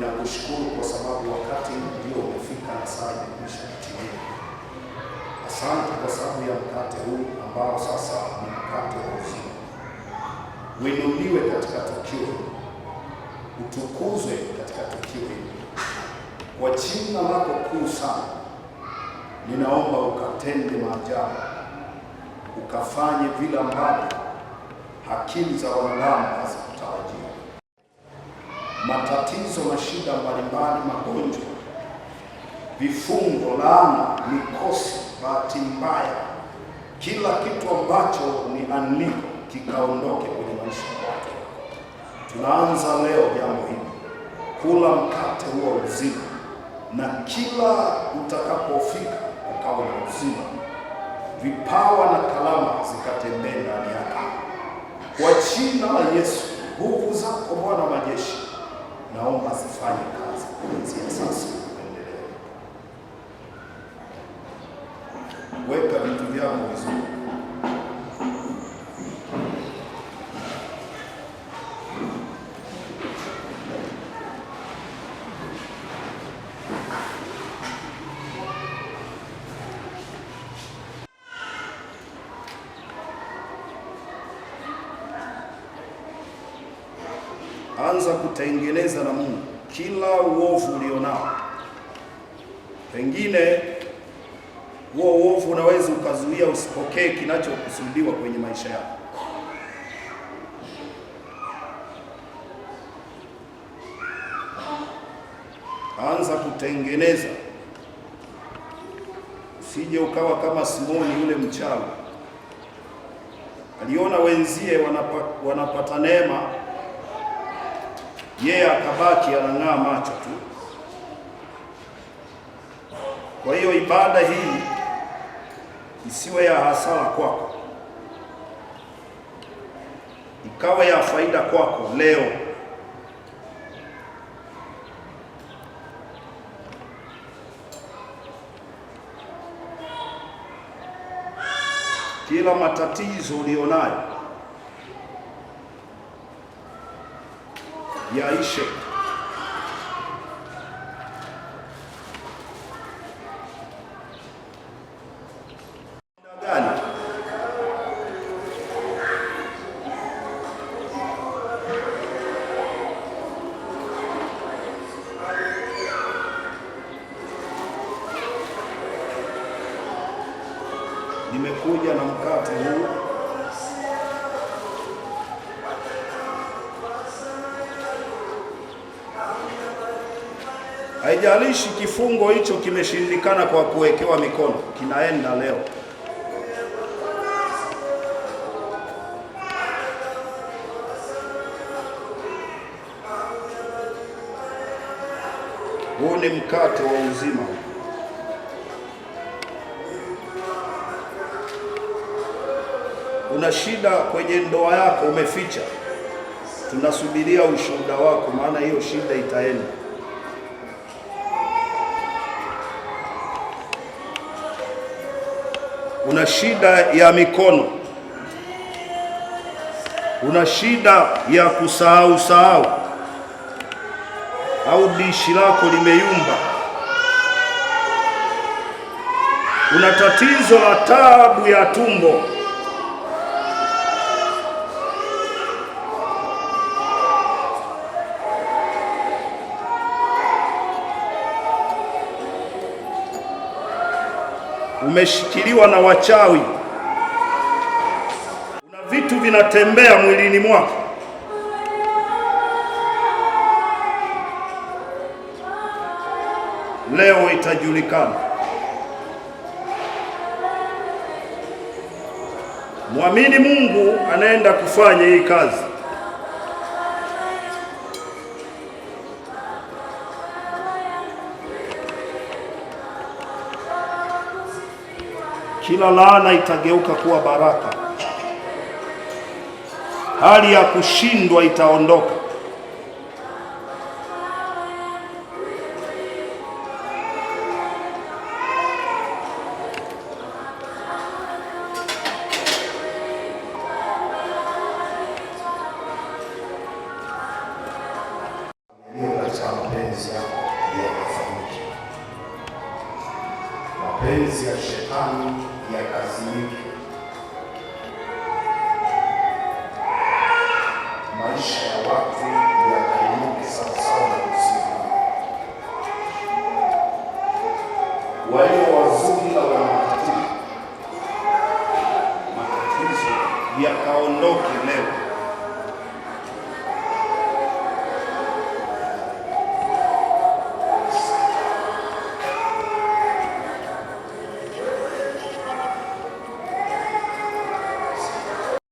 Ninakushukuru kwa sababu wakati ndio umefika na saa imekwisha kutimia. Asante kwa sababu ya mkate huu ambao sasa ni mkate wa uzima. Uinuliwe katika tukio hili, utukuzwe katika tukio hili. Kwa jina lako kuu sana, ninaomba ukatende maajabu, ukafanye vile ambavyo akili za wanadamu hazikutarajia matatizo na shida mbalimbali, magonjwa, vifungo, laana, mikosi, bahati mbaya, kila kitu ambacho ni andiko kikaondoke kwenye maisha yake. Tunaanza leo jambo hili, kula mkate huo uzima, na kila utakapofika ukawa na uzima, vipawa na kalama zikatembee ndani yako, kwa jina la Yesu. Nguvu zako Bwana majeshi kufanya kazi kuanzia sasa Weka vitu vyako vizuri. Anza kutengeneza na Mungu kila uovu ulionao. Pengine huo uovu unaweza ukazuia usipokee kinachokusudiwa kwenye maisha yako. Anza kutengeneza, usije ukawa kama Simoni yule mchawi. Aliona wenzie wanapa, wanapata neema yeye akabaki anang'aa macho tu. Kwa hiyo ibada hii isiwe ya hasara kwako, ikawe ya faida kwako leo. Kila matatizo ulionayo yaishe. Nimekuja na mkate huu Haijalishi kifungo hicho kimeshindikana kwa kuwekewa mikono, kinaenda leo. Huu ni mkate wa uzima. Una shida kwenye ndoa yako, umeficha, tunasubiria ushuhuda wako, maana hiyo shida itaenda. una shida ya mikono, una shida ya kusahau sahau, au dishi lako limeyumba, una tatizo la taabu ya tumbo umeshikiliwa na wachawi, kuna vitu vinatembea mwilini mwako. Leo itajulikana. Mwamini Mungu anaenda kufanya hii kazi. kila laana itageuka kuwa baraka, hali ya kushindwa itaondoka. mapenzi ya shetani ya kazi yake. Maisha ya watu yakainuke sawasawa na Walio wazuri na matatizo yakaondoke leo.